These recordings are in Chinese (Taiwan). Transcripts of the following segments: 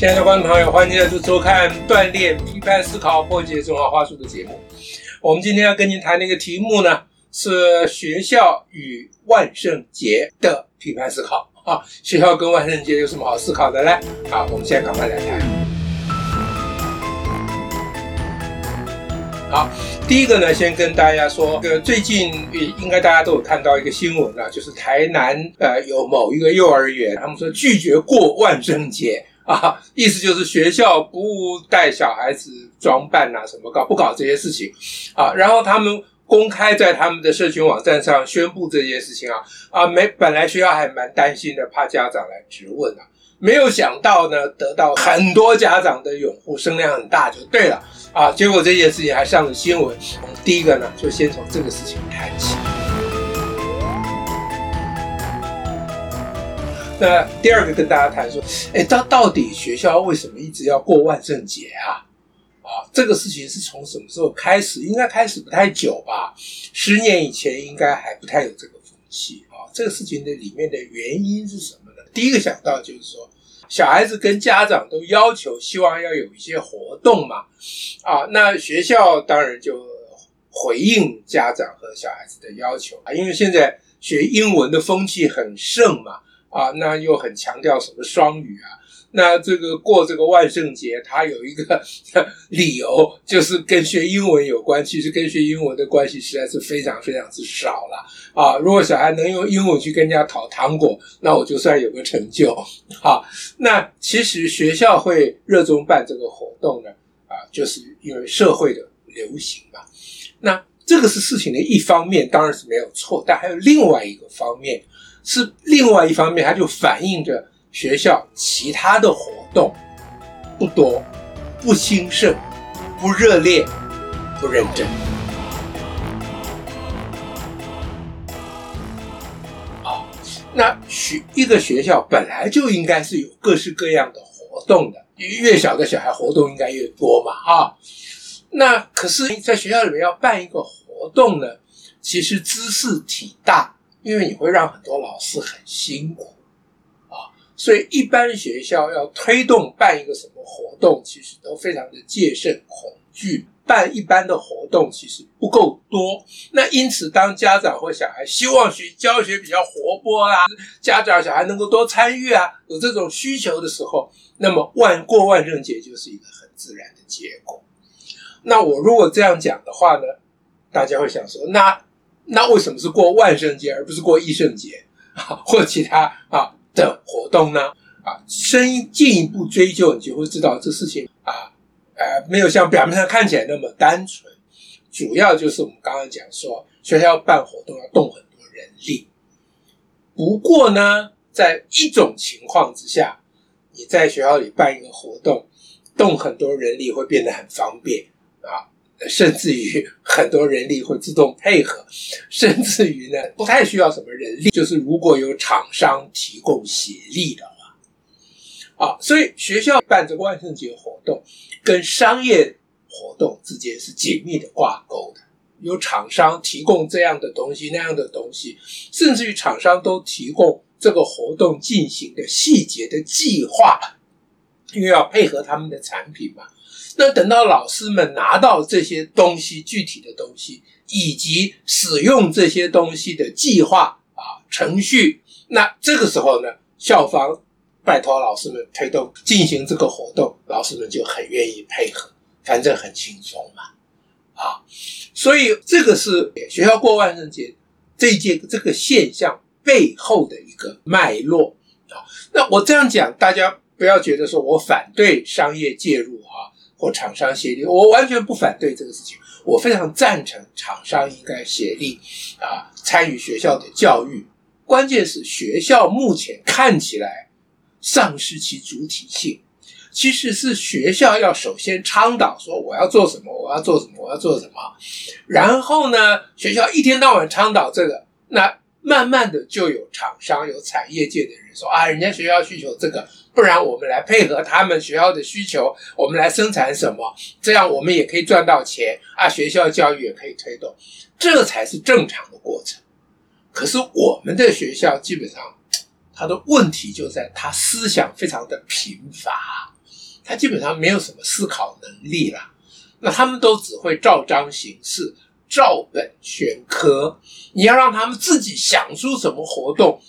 親愛的觀眾朋友，歡迎來到收看鍛鍊批判思考、破解中華話術的節目。我們今天要跟您談的一個題目呢，是學校與萬聖節的批判思考。啊，學校跟萬聖節有什麼好思考的呢？啊，我們現在趕快來談。好，第一個呢，先跟大家說，最近應該大家都有看到一個新聞啊，就是台南呃有某一個幼兒園，他們說拒絕過萬聖節。啊，意思就是學校不帶小孩子裝扮啊，什麼搞不搞這些事情？啊，然後他們公開在他們的社群網站上宣布這件事情啊啊，沒本來學校還蠻擔心的，怕家長來質問啊，沒有想到呢，得到很多家長的擁護，聲量很大就對了啊，結果這件事情還上了新聞。嗯，第一個呢，就先從這個事情談起。那第二個跟大家談說，哎，到到底學校為什麼一直要過萬聖節啊？啊，這個事情是從什麼時候開始？應該開始不太久吧？十年以前應該還不太有這個風氣啊。這個事情的裡面的原因是什麼呢？第一個想到就是說，小孩子跟家長都要求，希望要有一些活動嘛。啊，那學校當然就回應家長和小孩子的要求啊，因為現在學英文的風氣很盛嘛。啊，那又很強調什麼雙語啊。那這個過這個萬聖節，他有一個理由，就是跟學英文有關。其實跟學英文的關係實在是非常非常之少了啊！如果小孩能用英文去跟人家討糖果，那我就算有個成就。好、啊，那其實學校會熱衷辦這個活動呢，啊，就是因為社會的流行嘛。那這個是事情的一方面，當然是沒有錯。但還有另外一個方面。是另外一方面，它就反映着學校其他的活動不多、不興盛、不熱烈、不認真。好，那學一個學校本來就應該是有各式各樣的活動的，越小的小孩活動應該越多嘛，啊，那可是，在學校裡面要辦一個活動呢，其實茲事體大。因為你會讓很多老師很辛苦，啊，所以一般學校要推動辦一個什麼活動，其實都非常的戒慎恐懼。辦一般的活動其實不夠多，那因此當家長或小孩希望學教學比較活潑啊，家長小孩能夠多參與啊，有這種需求的時候，那麼萬過萬聖節就是一個很自然的結果。那我如果這樣講的話呢，大家會想說那。那為什麼是過萬聖節而不是過益聖節啊或其他的啊的活動呢？啊，深進一步追究，你就會知道這事情啊，呃，沒有像表面上看起來那麼單純。主要就是我們剛剛講說，學校辦活動要動很多人力。不過呢，在一種情況之下，你在學校裡辦一個活動，動很多人力會變得很方便啊。甚至於很多人力會自動配合，甚至於呢，不太需要什麼人力，就是如果有廠商提供協力的話，啊，所以學校辦這個萬聖節活動，跟商業活動之間是緊密的掛鈎的。有廠商提供這樣的東西、那樣的東西，甚至於廠商都提供這個活動進行的細節的計劃，因為要配合他們的產品嘛。那等到老師們拿到這些東西，具體的東西，以及使用這些東西的計劃啊程序，那這個時候呢，校方拜托老師們推動進行這個活動，老師們就很願意配合，反正很輕鬆嘛，啊，所以這個是學校過萬聖節這件這個現象背後的一個脈絡啊。那我這樣講，大家不要覺得說我反對商業介入啊。和廠商協力，我完全不反對這個事情，我非常贊成廠商應該協力啊參與學校的教育。關鍵是學校目前看起來喪失其主體性，其實是學校要首先倡導說我要，我要做什麼，我要做什麼，我要做什麼。然後呢，學校一天到晚倡導這個，那慢慢的就有廠商有產業界的人說啊，人家學校需求這個。不然我們來配合他們學校的需求，我們來生產什麼，這樣我們也可以賺到錢啊！學校教育也可以推動，這才是正常的過程。可是我們的學校基本上，他的問題就在他思想非常的貧乏，他基本上沒有什麼思考能力啦，那他們都只會照章行事、照本宣科，你要讓他們自己想出什麼活動？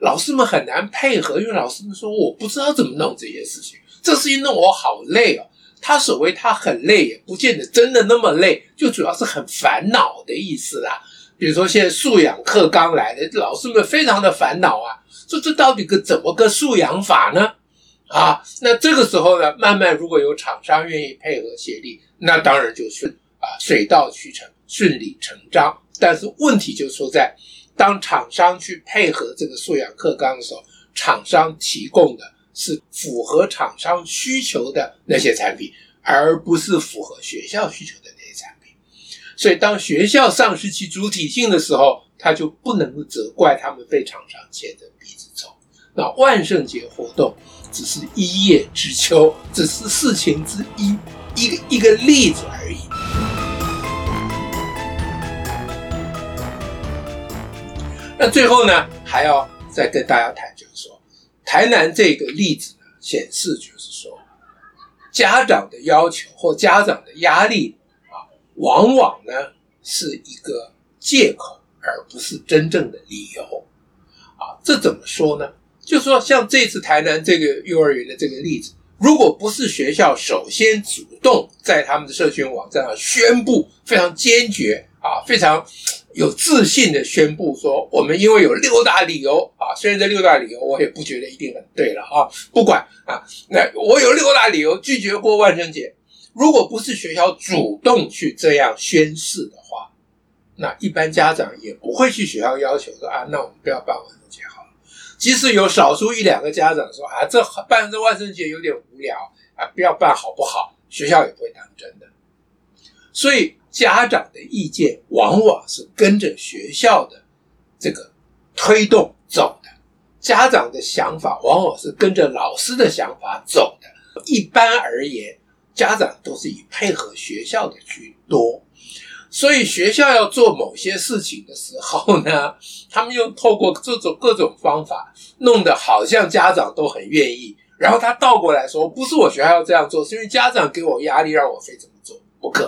老師們很難配合，因為老師們說，我不知道怎麼弄這些事情，這事情弄我好累哦。他所謂他很累也不見得真的那麼累，就主要是很煩惱的意思啦、啊。比如說現在素養課剛來的老師們非常的煩惱啊，說這到底個怎麼個素養法呢？啊，那這個時候呢，慢慢如果有廠商願意配合協力，那當然就順，啊水到渠成，順理成章。但是問題就出在，當廠商去配合這個素養課綱的時候，廠商提供的是符合廠商需求的那些產品，而不是符合學校需求的那些產品。所以，當學校喪失其主體性的時候，他就不能夠責怪他們被廠商牽着鼻子走。那萬聖節活動只是一葉知秋，只是事情之一，一個一個例子而已。那最後呢，還要再跟大家談，就是說，台南這個例子呢，顯示就是說，家長的要求或家長的壓力啊，往往呢是一個借口，而不是真正的理由。啊，這怎麼說呢？就是說像這次台南這個幼兒園的這個例子，如果不是學校首先主動在他們的社群網站上宣布，非常堅決啊，非常。有自信地宣布說：“我們因為有六大理由啊，雖然這六大理由我也不覺得一定很對了啊，不管啊，那我有六大理由拒絕過萬聖節。如果不是學校主動去這樣宣示的話，那一般家長也不會去學校要求說啊，那我們不要辦萬聖節好了。即使有少數一兩個家長說啊，這辦這萬聖節有點無聊啊，不要辦好不好？學校也不會當真的。”所以家長的意見往往是跟着學校的這個推動走的，家長的想法往往是跟着老師的想法走的。一般而言，家長都是以配合學校的居多。所以學校要做某些事情的時候呢，他們又透過各種各種方法弄得好像家長都很願意，然後他倒過來說，不是我學校要這樣做，是因為家長給我壓力讓我非這麼做。補課，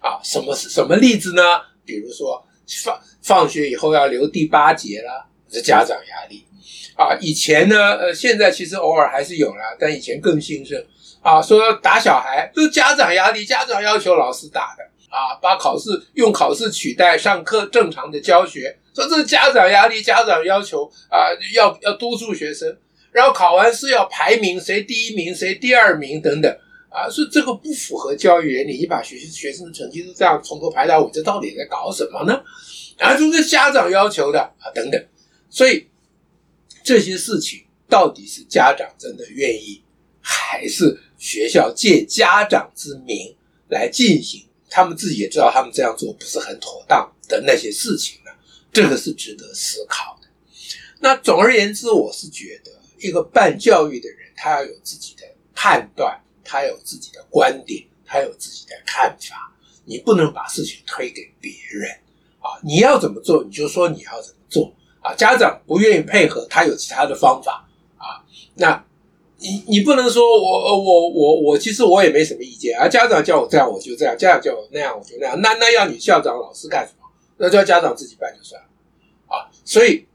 啊，什麼是什麼例子呢？比如說放放學以後要留第八節了，是家長壓力，啊，以前呢，呃，現在其實偶爾還是有啦，但以前更興盛，啊，說要打小孩，都是家長壓力，家長要求老師打的，啊，把考試用考試取代上課正常的教學，說這是家長壓力，家長要求啊，要要督促學生，然後考完試要排名，誰第一名，誰第二名等等。啊，是這個不符合教育原理，你把學習學生的成績都這樣從頭排到尾，這到底在搞什麼呢？啊，都是家長要求的啊，等等。所以這些事情到底是家長真的願意，還是學校借家長之名來進行？他們自己也知道，他們這樣做不是很妥當的那些事情呢？這個是值得思考的。那總而言之，我是覺得一個辦教育的人，他要有自己的判斷。他有自己的觀點，他有自己的看法，你不能把事情推給別人啊！你要怎麼做，你就說你要怎麼做啊！家長不願意配合，他有其他的方法啊！那你，你你不能說我我我我，我，其實我也沒什麼意見啊！家長叫我這樣，我就這樣；家長叫我那樣，我就那樣。那那要你校長老師幹什麼？那叫家長自己辦就算了啊！所以。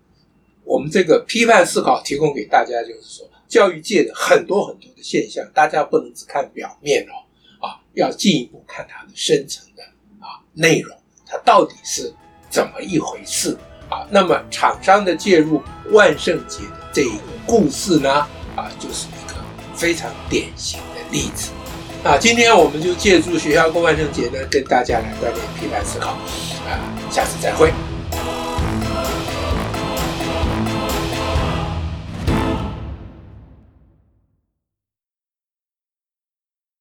我們這個批判思考提供給大家，就是說，教育界的很多很多的現象，大家不能只看表面哦，啊，要進一步看它的深層的啊內容，它到底是怎麼一回事啊？那麼廠商的介入萬聖節的這一個故事呢，啊，就是一個非常典型的例子。那，啊，今天我們就借助學校過萬聖節呢，跟大家來鍛鍊批判思考，啊，下次再會。